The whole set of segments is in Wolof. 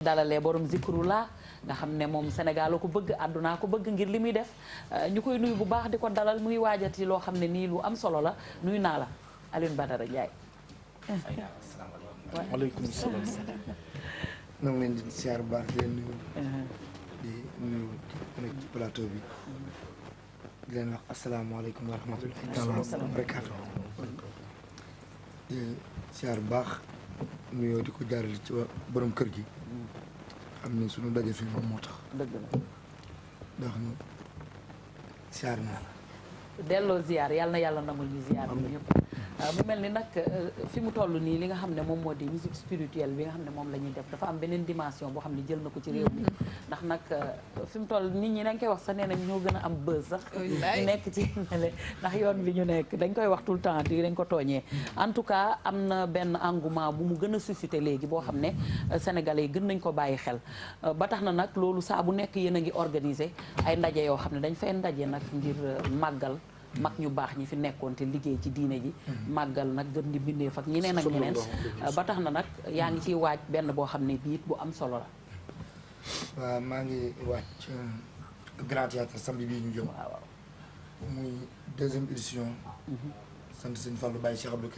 dalale borom zikru laa nga xam ne moom Sénégal ko bëgg àdduna ko bëgg ngir li muy def euh, ñu koy nuyu bu baax di ko dalal muy waajati loo xam ne nii lu am solo la nuyu naa la Alioune Badara Ndiaye. waaleykum salaam. na nga leen di siyaar baax di leen nuyu. Uh-huh. di ci plateau bi. leen wax asalaamaaleykum wa rahmatullahi taala wa barakaatu. di baax. nuyoo di ko jaarale ci borom kër gi xam ne sunu daje fii moom moo tax dëgg la nu siyaar naa la delloo ziyaar yàlla na yàlla nangul ñu ziyaar ñëpp Ah, mu mel ni nag euh, fi mu toll nii li nga xam ne moom moo di musique spirituelle bi nga xam ne moom lañuy def dafa am beneen dimension boo xam ne jël na ko ci réew ndax nag euh, fi mu toll nit ñi dañ koy wax sax nee nañ ñoo gën a am bës sax ñu nekk ci ndax yoon bi ñu nekk dañ koy wax tout temps di dañ ko tooñee en tout cas am na benn engouement bu mu gën a suscité léegi boo xam ne euh, sénégalais yi gën nañ ko bàyyi xel ba tax na nag loolu saa bu nekk yéen a ngi organiser ay ndaje yoo xam ne dañ fay ndaje nag ngir màggal mag ñu baax ñi fi nekkoon te liggéey ci diine ji mm-hmm. màggal nag gën di mbindeef ñi ñeneen ak ñeneen euh, ba tax na nag yaa ngi ciy waaj benn boo xam ne biit bu am solo la waaw maa ngi waaj euh, Grand Théâtre samedi bii ñu jëm waaw muy deuxième édition mm-hmm. sant sëñ Fallou Baye Cheikh Abdou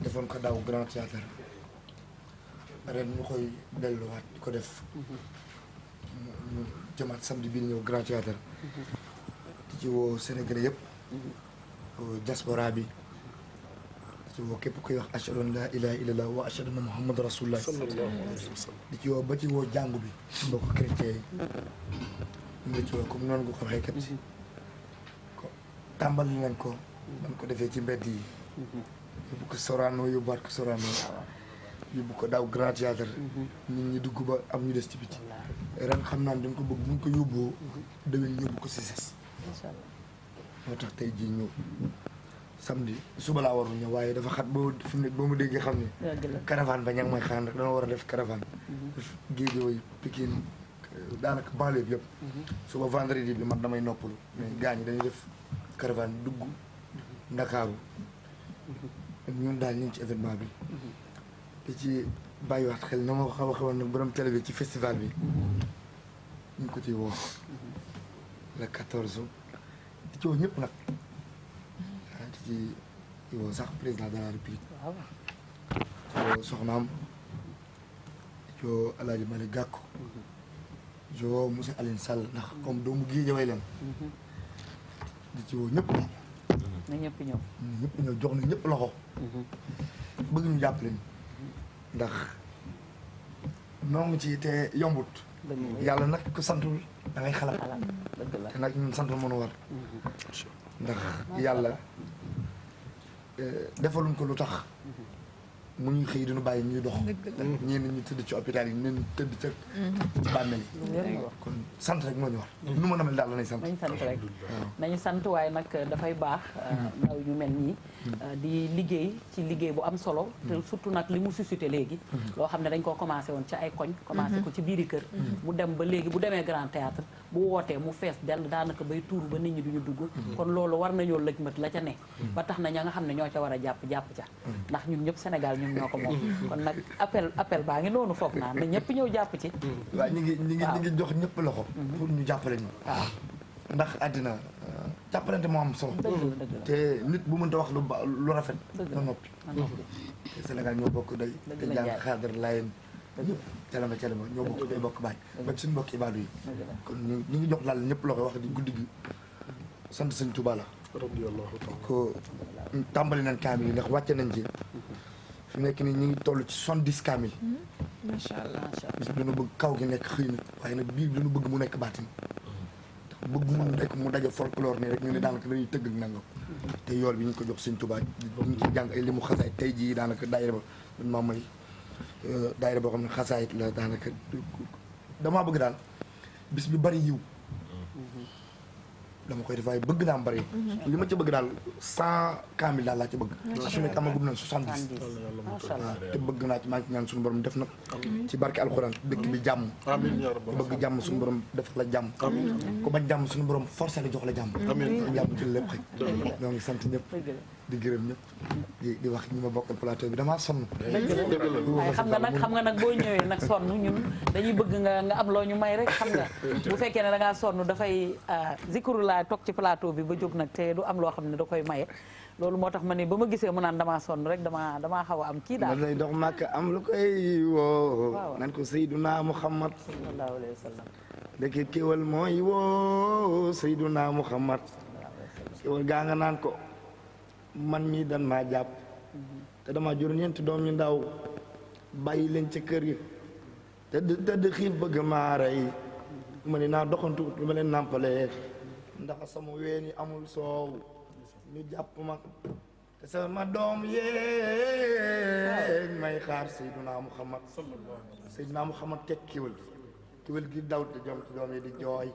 defoon ko daaw koy ko def ñu mm-hmm. jëmaat bii ñëw Grand Théâtre ci woo Sénégalais yëpp mm-hmm. euh, diaspora bi di ci woo képp kuy wax ashhadu an laa ilaaha illallah wa ashhadu anna muhammad rasulullah di ci woo ba ci woo jàngu bi mbokk chrétien yi ñu ngi ci woo comme noonu nga ko waxee mm-hmm. ko mm-hmm. ko defee ci mbedd yi yóbbu ko Sorano yóbbuwaat ko Sorano yóbbu ko daaw Grand Théâtre nit ñi dugg ba am ñu des ci biti ren xam naa dañ ko bëgg buñ ko yóbboo déwén yóbbu ko si ses incha tax tey jii ñëw samedi suba laa waroon ñëw waaye dafa xat boo fi mu ne boo déggee xam ne. caravane ba ña ngi may xaan rek dana war a def caravane. Mhm. def Guédiawaye Pikine euh, daanaka banlieue bi yëpp. Mhm. suba vendredi bi man damay noppalu. mais gaa ñi dañuy def caravane dugg Ndakaaru. Mhm. ñun daal ñu ngi ci événement bi. te ci bàyyiwaat xel na ma ko xaw a xawoon nag borom télé bi ci festival bi. ñu ko ciy woo. le quatorze. ci woo ñëpp nag di ci woo sax président de la république ci woo soxnaam ci woo El Hadj Malick Gakou mhm. ci woo monsieur Aline Sall ndax comme doomu gii jaway leen di ci woo ñëpp nag na ñëpp ñëw ñëpp ñëw jox na ñëpp loxo mhm. bëgg ñu jàppale ñu mhm. ndax noo ci te yombut yàlla nag ko santul da ngay xalaat te nag ñun sant mënu war ndax yàlla eh, defaluñ ko lu tax mhm. mu ngi xëy dinu bàyyi ñuy dox ñenn ñi tëdd ci hôpital yi ñenn tëdd ca mhm. ci bàmmeel yi kon sant rek moo ñu war mhm. nu mën a mel daal la nañ sant nañ sant rek nañu sant waaye nag dafay baax euh, mhm. ndaw ñu mel nii euh, di liggéey ci liggéey bu am solo te surtout nag li mu suscité léegi loo xam ne dañ koo commencé woon ci ay koñ commencé ko ci biir biiri kër mu dem ba léegi bu demee grand théâtre bu wootee mu fees dell daanaka bay tuuru ba nit ñi duñu dugg kon loolu war nañoo lëj mat la ca ne ba tax na ña nga xam ne ñoo ca war a jàpp jàpp ca ndax ñun ñëpp Sénégal ñoom ñoo ko moom mm-hmm. kon nag baa ngi noonu foog naa na ñëpp ñëw jàpp ci mm-hmm. waaw ñu ngi ñu ngi ñu ngi jox ñëpp loxo mm-hmm. pour ñu jàppale ñu waaw ah. ndax àddina jàppalante moo am solo te nit bu te wax lu ba lu rafet na noppi te Sénégal ñoo bokk day te jàng xaadar layen ñëpp calama calama ñoo bokk day bokk baay ba suñu bokk yi kon ñu ñu ngi jox daal ñëpp loxo wax di guddi gi sant sëñ Tuubaa la ko tàmbali nañ kaam yi ndax wàcce nañ ci fi nekk nii ñu ngi toll ci soixante-dix kaamil. Hmm, macha allah macha allah. bëgg kaw gi nekk xëy na waaye nag biir dañu bëgg mu nekk baatin. bëgg mu nekk mu daje folklore nii rek ñu ne daanaka dañuy tëgg ak nangam. te yool bi ñu ko jox sëñ Tuubaa ñu ci jàng ay limu xasaay tey jii daanaka daayira ba man maa may euh, daayira boo xam ne xasaayit la daanaka damaa bëgg daal bis bi bari yiw. dama koy def waaye bëgg naa mbari li ma ci bëgg daal cent kaamil daal laa ci bëgg su nekk amagum nañ soixante-dix te bëgg naa ci maa ngi ñaan suñu borom def nag ci barke alxuraan dëkk bi jàmm ku bëgg jàmm suñu borom def la jàmm ku bañ jàmm suñu borom forcé la jox la jàmm jàmm ci lépp xëy ñoo ngi sant ñëpp di gërëm ñëpp di di wax ñu ma bokkal plateau bi dama sonn. xam nga nag xam nga nag boo ñëwee nag sonn dañuy bëgg nga am loo ñu may rek xam nga bu fekkee ne da ngaa sonn dafay ah, zikru laa toog ci plateau bi ba jóg nag te du am loo xam ne da koy maye loolu moo tax ma ne ba ma gisee mu naan damaa sonn rek damaa damaa xaw am kii daal. lay dox màkk am lu koy woo. ko Seyduna Muhammad. sallallahu alayhi wa sallam. dëkk kéwal mooy woo Seyduna Muhammad. kéwal gaa nga naan ko. man mi dan ma jàpp te dama jur ñeenti doom ñu ndaw bàyyi leen ci kër gi te tëdd xiif bëgg maa rey ma naa doxantu lu ma leen nàmpalee ndax sama ween yi amul soow ñu jàpp ma te sama doom yéen may xaar Seydina Muhammad Seydina Muhammad teg kiwal gi kiwal gi daw di jooy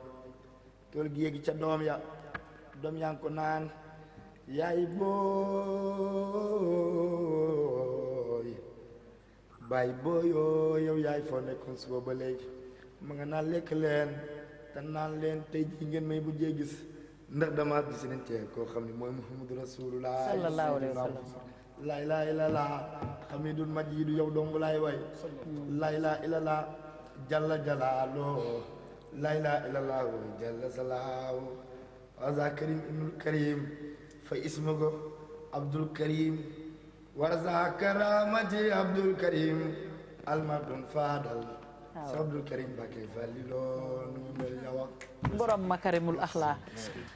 kiwal gi yéegi ca doom ya doom yaa ngi ko naan yaay booy baay booyoo yow yaay foo nekkoon suba ba léegi ma nga naan lekk leen te naan leen tey jii ngeen may bu jee ndax damaa gis nañ cee koo xam ne mooy Muhammadu Rasulullah sallallahu alayhi wa sallam majiidu yow dong laay way laa ilaa ila laa jalla jalaaloo laa ilaa ila laa jalla salaaw azakarim ibnul karim fa ismugo abdul karim warza karamati abdul karim almardun faadal sa abdul karim bakke falli loon borom makarimul axlaa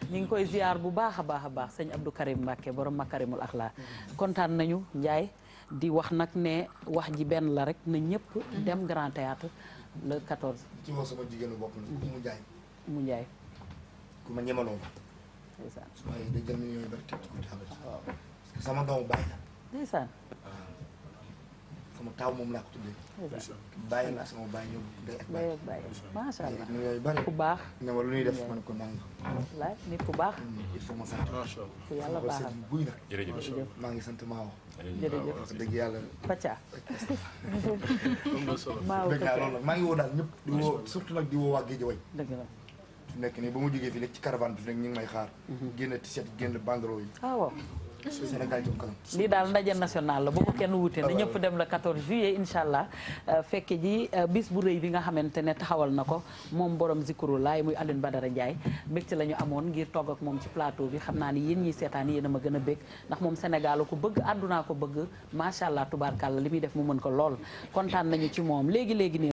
ñu ngi koy ziar bu baax a baax a baax sëñ abdou karim mbàkke borom makarimul axlaa kontaan nañu njaay di wax nag ne wax ji benn la rek na ñëpp dem grand théâtre le 14. mu njaay mu njaay ku ma Ah, ndeysaan su ma yee day jël millions yu bëri teg ci ko table waaw parce que sama doomu bàyyi la. ndeysaan sama taaw moom laa ko tuddee. ndeysaan bàyyi la sama bàyyi ñëw day ak bàyyi. macha allah millions yu bëri ku baax. ne ma lu ñuy def man ko nangu. wallaay nit ku baax. il faut ma sant. macha allah ku yàlla baaxal buy nag. jërëjëf maa ngi sant maa jërëjëf wax dëgg yàlla. Pacha. maa woo Pacha dëgg yàlla maa ngi woo daal ñëpp. di woo surtout nag di woo waa Géejawaay. dëgg la. su nekk nii ba mu jógee fii léegi ci caravane bi fi nekk ñu ngi may xaar. Mhm. génn t-shirt génn banderole yi. ah waaw. Sénégal jëm lii daal ndaje national la bu ko kenn wute na ah, ñëpp dem la 14 juillet incha allah euh, fekke ji euh, bis bu rëy bi nga xamante ne taxawal na ko moom borom Zikru laay muy ba Badara Ndiaye mbégte la ñu amoon ngir togg ak moom ci plateau bi xam naa ni yéen ñi seetaan yéen a ma gën a bég ndax moom Sénégal ko bëgg àddunaa ko bëgg macha allah tubaarkàlla li muy def mu mën ko lool kontaan nañu ci moom léegi léegi nii